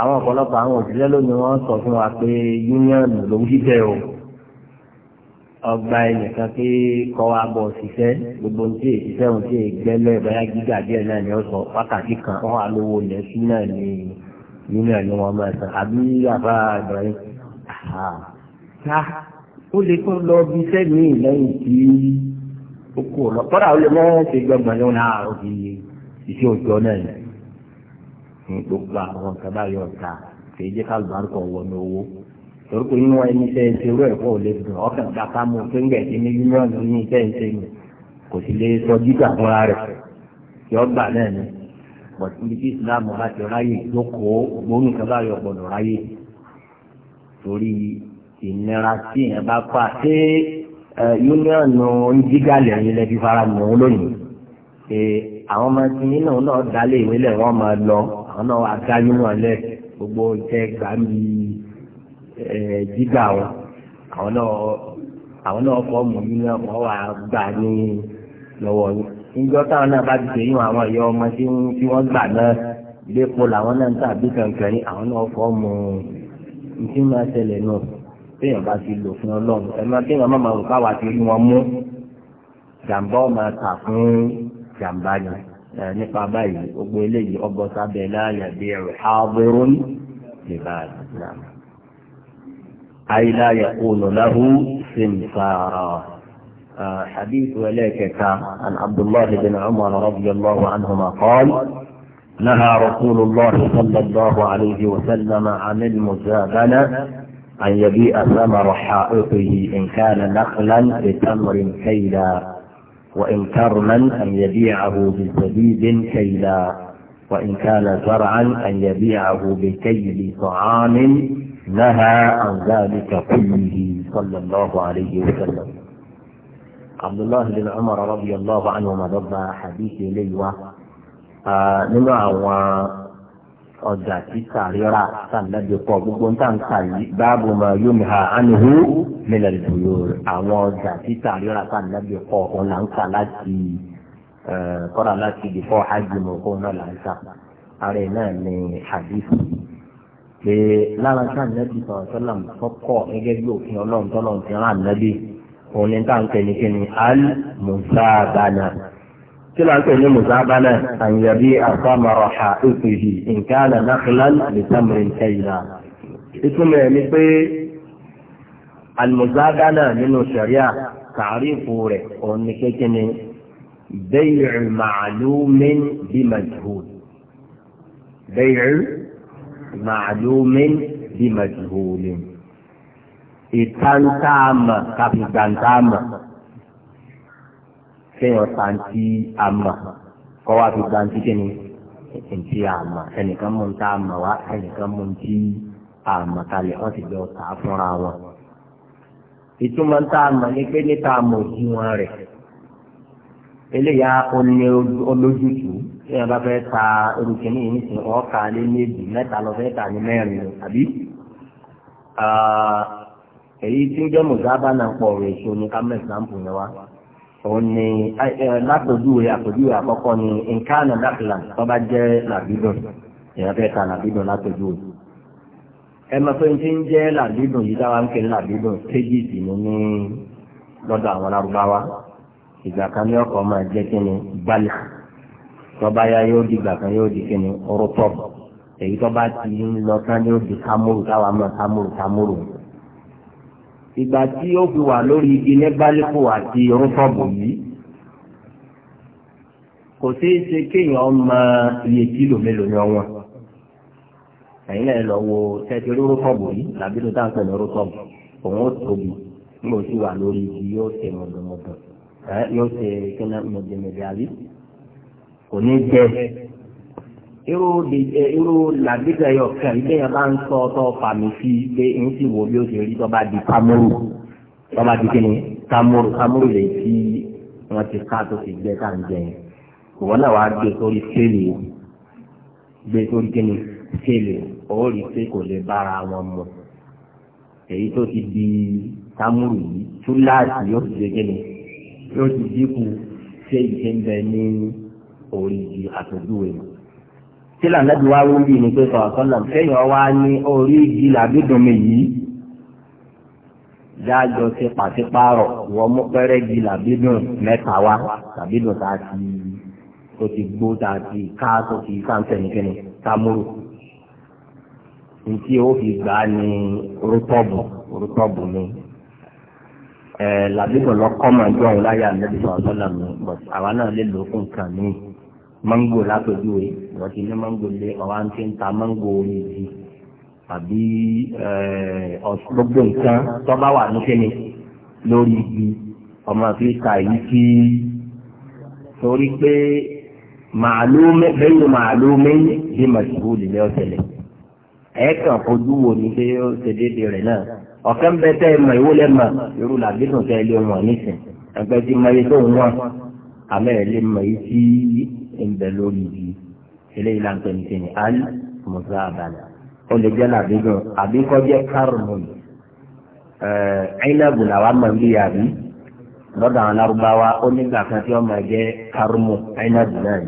àwọn ọ̀pọ̀lọpọ̀ àwọn òṣìṣẹ́ lónìí wọ́n sọ fún wa pé yúníọ̀nù ló ń jíjẹ o ọgbà ẹnìkan pé kọ́ wa bọ̀ ṣiṣẹ́ gbogbo ní ìṣiṣẹ́ òun tí ìgbẹ́lẹ̀ báyà gíga díẹ̀ náà ni ó sọ wákàtí kan wọ́n wà lówó ilẹ̀ sí náà ni yúníọ̀nù wọn máa san àbí àbá Ibrahim ká ó lè tó lọ bí iṣẹ́ míì lẹ́yìn tí ó kú ọ̀lọ́ kọ́dà ó lè mọ́ ṣe gbọ́ngbọ̀n lóun ní gbogbo àwọn nǹkan báyìí ọ̀tá kì í jẹ́ ká lùbáríkọ̀ wọnú owó torípé yín wọn ẹni tẹ́ ẹ ṣe irú ẹ̀kọ́ ò lè dùn ọkàn gbàgbà mú fíńgà ẹ̀dín ní yúníọ̀nù ní tẹ́ ẹ ṣe kò sì lè sọ jígbà fúnra rẹ̀ yọ gbà náà ni bọ̀tí ibi tí ìsìláàmù bá ti ráyè lókòó gbóhùn kan báyìí ọ̀gbọ̀dọ̀ ráyè torí ìnira tí èèyàn bá pa ṣé yúníọ̀nù ń jígà lẹ́yìn lẹ́bi fara nù ún lónìí àwọn ọmọ tí nínú náà dálé ìwé lẹ̀ máa lọ àwọn náà wà ga yín wọn lẹ gbogbo ìtẹ gbàmí ẹ jígbà wọn àwọn náà àwọn náà fọọmù yín náà wọn wà gbà ní lọ́wọ́ yín níjọ táwọn náà bá ti ṣe yín àwọn ẹyọ ọmọ tí wọn gbà náà lépo làwọn náà ń tàbí kankan ní àwọn náà fọọmù ntí máa ṣẹlẹ̀ náà téèyàn bá ti lò fún ọlọ́run ẹ̀ma téèyàn má máa rò káwa ti rí wọn mú jàǹbá ọ̀ máa fún jàǹbá yẹn. Eh, nípa báyìí gbogbo eléyìí ọgbọ́n sábẹ́ láàyè bí ẹ̀rù ààbòrún lè bá a islam. àìlá حديث وليك عن عبد الله بن عمر رضي الله عنهما قال نهى رسول الله صلى الله عليه وسلم عن المزابنة أن يبيع ثمر حائطه إن كان نخلا بتمر كيدا وإن كرما أن يبيعه بزبيب كيلا وإن كان زرعا أن يبيعه بكيل طعام نهى عن ذلك كله صلى الله عليه وسلم عبد الله بن عمر رضي الله عنهما ضب حديث ليوة آه نمع ọjà títà rírà sànàbí pọ̀ gbogbo ń tàn kà yìí báàbò mà yóò mi ha ànihu mílẹ̀ lùbùyò rẹ̀ àwọn ọjà títà rírà sànàbí pọ̀ òun là ń kà láti kọ́ra láti dìfọ́ àjùmọ̀ òun náà là ń kà ara ẹ̀ náà ní àdìsí pé lára sànàbí sọ̀rọ̀ sọ́làm gẹ́gẹ́ bí òfin ọlọ́run tọ́lọ́run ti rán ànàbí òun ní tàǹkẹ́ ní kíni al-musabana kí ló ń pè ní mùsàbá náà àyàbí àfàmàrà ha ìfìhì nǹkan ànàkìlán nìtàmìrì kẹyìnà ìtumọ̀ ẹ̀ ni pé àlùmùsàbá náà nínú sẹ̀ríà tàrífù rẹ̀ òun ni kékeré bẹ́yìí màálùmí bí màjúhùd bẹ́yìí màálùmí bí màjúhùd ìtàntàmà kàfìgbàntàmà. kéèyàn pàǹtí ama kọ́ wá fi pàǹtí kíni ntí àmà ẹnìkan mú ntá àmà wá ẹnìkan mú ntí àmà kalẹ̀ wọ́n ti jọ tà fúnra wọn. ìtumọ̀ ntá àmà ni pé níta àmà òdiwọ̀n rẹ̀ eléyà oní bá fẹ́ ta lé méjì mẹ́ta lọ fẹ́ ní mẹ́rin lọ èyí tí jẹ́ mùsàbánà pọ̀ rẹ̀ ṣo ní ká mẹ́sàn-án pò yẹn wá. òun ni látọ̀júwe àpọ̀júwe àkọ́kọ́ ni nǹkan àdàkìlà tó bá jẹ́ làbídùn èèyàn fẹ́ ta làbídùn látọ̀júwe. ẹ mọ̀ pé ti ń jẹ́ làbídùn yìí dáwà ń kiri làbídùn kéjì sì ní ní lọ́dọ̀ àwọn lárúbáwá ìgbà kan ní ọkọ̀ máa jẹ́ kí ni gbalẹ̀ tó bá yá yóò di ìgbà kan yóò di kí ni rúpọ̀ èyí tó ti ń lọ tán yóò di kámúrù táwa mọ̀ kámúrù kámúrù ìgbà tí ó fi wà lórí igi ní bálíkù àti rúfọ́ọ̀bù yìí kò ṣeé ṣe kéèyàn mọ iye kílò mélòó ni ọwọ́n ẹ̀yin náà lọ wo tẹ́tí rúfọ́ọ̀bù yìí làbí tó dáhùn pẹ̀lú rúfọ́ọ̀bù òun ó tóbi nígbà tí wà lórí igi yóò ṣe mọ̀dọ̀mọ̀dọ̀ yóò ṣe kí ní mọ̀dọ̀mọ̀dọ̀ àbí kò ní jẹ́ irú làgbéga yọ kàn ilé yẹn bá ń sọ ọtọ fàmì sí pé ń sì wò bí ó ṣe rí tọ́ba di kámúrù tọ́ba di kíni kámúrù kámúrù lè fi wọ́n ti ká tó fi gbẹ ká ń jẹ yẹn ìwọ náà wàá gbé sórí séèlì gbé sórí kíni séèlì ó rí pé kò lè bára wọn mu èyí tó ti di kámúrù yìí túláàsì yóò ti di kíni yóò ti dínkù séèlì tí ń bẹ ní orí àtòjúwe yìí tí lànàbí wa wí bí ni pé sọ̀rọ̀sọ́nà kẹ́yìn ọwá ní orí igi làbídùnmi yìí dájọ́ ti pàṣípààrọ̀ wọ́n mú pẹ́rẹ́ igi làbídùn mẹ́ta wá làbídùn tá a ti tó ti gbó tá a ti ká tó ti káńtẹ̀ nìkẹ́ni támúrò nítí ó fi gbà á ní rútọ́bù rútọ́bù ni làbídùn lọ́kọ́ màá jọ òun láyà ànábì sọ̀rọ̀sọ́nà mi àwa náà lè lò ó fún nǹkan míì mango látòjúwe wọ́n ti ní mango lé ọ̀wá ń ti ń ta mango orí ìdí àbí eh, gbogbo nǹkan tó bá wà ní kíni lórí igi ọmọ fi ta èyí tí torí pé màálù bẹ́ẹ̀ màálù mẹ́yìn bí màṣíwò lílẹ̀ ọ̀sẹ̀lẹ̀ ẹ̀ẹ́kàn fojú wo ni pé ó ṣe déédéé rẹ̀ náà ọ̀kẹ́ ń bẹ tẹ́ ẹ mọ ìwó lẹ́ mọ irú làbídùn tẹ́ ẹ lé wọn nísìn ẹgbẹ́ tí mọ iye tó ń wọ̀n àmọ́ ẹ lè mọ èyí tí ń bẹ lórí ibi eléyìí là ń pè ní kíni al musa abala ó lè jẹ́ làbígàn àbíkọ́ jẹ́ kárùn-ún ẹ̀ẹ́dẹ́gbùn làwọn máa ń bí yàrá lọ́dọ̀ àwọn lárúbáwá ó nígbà kan tí wọ́n máa jẹ́ kárùn-ún ẹ̀ẹ́dẹ́gbùn náà ni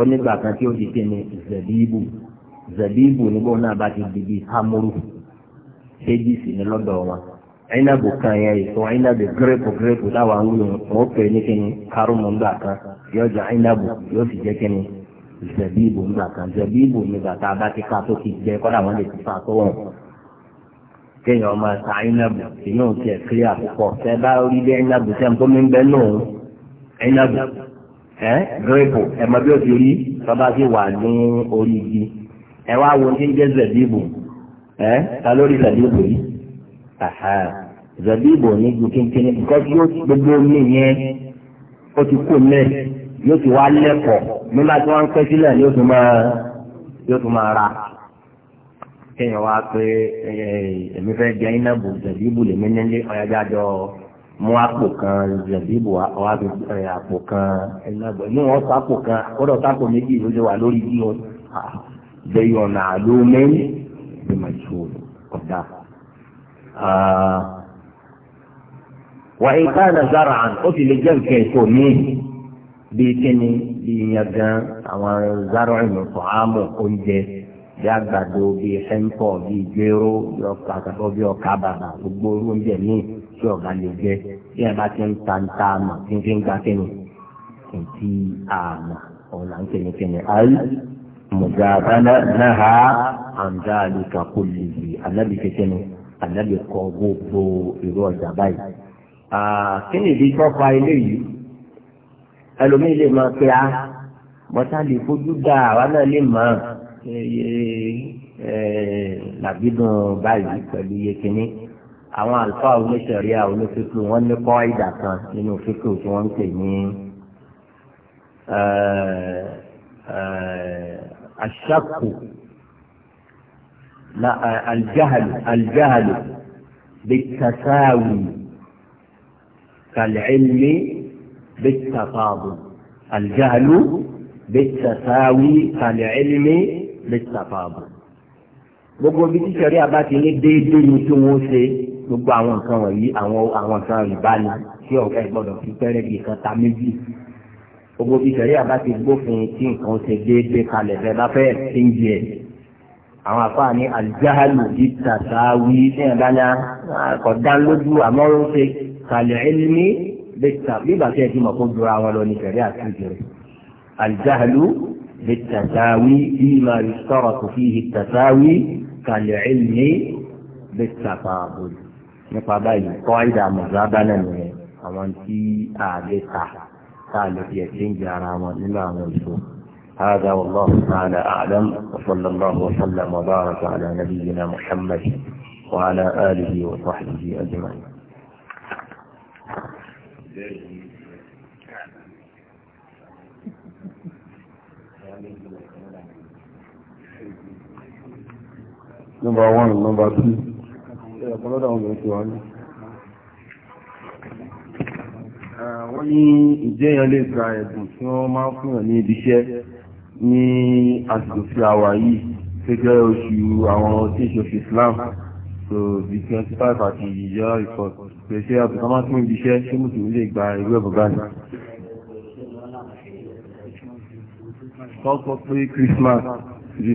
ó nígbà kan tí ó di kíni zabibu zabibu nígbà náà bá ti di bíi hamuru kéjì sí ni lọ́dọ̀ wọn ẹ̀ẹ́dẹ́gbùn kan yẹn èso ẹ̀ẹ́dẹ́gbùn gírèpù gírèpù láwọn ń lò wọ́n pè é ní kíni kárùn-ún yóò jẹ àyìnlábù yóò sì jẹ́ kẹ́ni zẹ̀bíìbù nígbà kan zẹ̀bíìbù nígbà tá a bá ti ká tó ti gbẹ kọ́dà wọ́n lè ti fa tó wọ̀n kéèyàn ọmọ ta àyìnlábù èyàn ò tiẹ̀ kiri àkókò tẹ bá rí bí àyìnlábù tẹ́ ń tó mi ń bẹ́ náà àyìnlábù ẹ gírèpù ẹ̀mọ bí ó ti rí tọ́ba sì wà ní orí igi ẹ wá wo ní jẹ́ zẹ̀bíìbù ẹ ta lórí zẹ̀bíìbù yìí zẹ̀bíìbù ní ju kínkínní because yóò gbogbo mi yẹn ó ti kú mẹ́rin yóò ti wá lẹ́kọ̀ọ́ nígbà tí wọ́n ń pẹ́ sílẹ̀ yóò tún máa yóò tún máa ra kéèyàn wá pé èmi fẹ́ jẹ ináàbù zẹ̀bíbù lèmi nílé ọ̀yájájọ́ mú àpò kan zẹ̀bíbù wá fi àpò kan ináàbù inú wọn sọ àpò kan kọ́dọ̀ sápò méjì ló lè wà lórí bí wọn bẹ́ẹ̀ ọ̀nà mẹ́rin lè máa ṣe ọ̀dà. wàá ìka ẹ̀ nà zara àn ó sì lè jẹ́ nǹkan ètò míì bíi kíni bíi yangan àwọn zaro ìmọ̀ fọ́hámù oúnjẹ bí àgbàdo bíi sẹ́ńpọ̀ bíi jéró bí ọkà àgbàdo bíi ọkà bàbà gbogbo oúnjẹ míì tí ọ̀gá lè jẹ bí ẹ bá ti ń ta ń ta àmà tí ń fi ń gba kíni kìntì àmà òun là ń kíni kíni ayé mùgàbánà náà àǹdá àlùkà kò lè yí ànábì kíkíni ànábì kọ gbogbo ìró ọjà báyìí. kíni ìdí tó fa ilé yìí ẹlòmíì lè máa pe a mọ́tà lè fojú dá àwa náà lè mọ̀ làbídùn báyìí pẹ̀lú iye kínní àwọn àlùfáà oníṣẹ̀ríà onífíkù wọ́n ní kọ́ ìdà kan nínú fíkù tí wọ́n ń pè ní aṣáku aljahalu bí tasáwì kàlẹ́ ẹ̀mí. بالتفاضل الجهل بالتساوي كالعلم بالتفاضل gbogbo bí tíṣẹ̀rí àbá ti ní déédéé ní tí wọ́n ṣe gbogbo àwọn nǹkan wọ̀nyí àwọn àwọn nǹkan ìbáni tí ọ̀gá ìgbọ́dọ̀ fi pẹ́rẹ́ bí nǹkan ta méjì gbogbo bí tíṣẹ̀rí àbá ti gbófin tí nǹkan ṣe déédéé kalẹ̀ fẹ́ bá fẹ́ ṣe ń jẹ àwọn àfáà ní alìjáhàlù bí tàṣà wí ní ẹ̀dáná kọ̀dá lójú àmọ́ ń ṣe kalẹ̀ ẹni bẹ́tà bíbà tẹ́ ti mọ̀ kó jura wọn lọ ní tẹ̀lé àtúntì rẹ̀ alìjáhàlú bẹ́tàtàwí bí ma rí sọ̀rọ̀ kò fi hì tàtàwí kàlẹ̀ ẹ̀lẹ́ bẹ́tàtà àbòlù nípa báyìí kọ́ ìdá mọ̀sábà náà nìyẹn àwọn tí ààbẹ̀ ta tá a lè fi ẹ̀sìn jẹ ara wọn nínú àwọn ìṣó. هذا والله تعالى أعلم وصلى الله وسلم وبارك على نبينا محمد وعلى آله وصحبه أجمعين Number one number two. Ọ̀pọ̀lọ́dà wọn lọ́tí wá ní. Wọ́n ní ìjẹ́yàn lè gba ẹ̀bùn tí wọ́n máa ń fúnyàn ní ibiṣẹ́ ní àsìkò sí àwà yìí, gẹ́gẹ́ oṣù àwọn tí ìṣòfin Islam so bí tí five àti ìyọ́ ìfọ̀ pé ṣé máa tún ibi iṣẹ́ ṣé mùsùlùmí lè gba ìwé ẹ̀bùn báyìí. kọ́kọ́ pé Christmas rí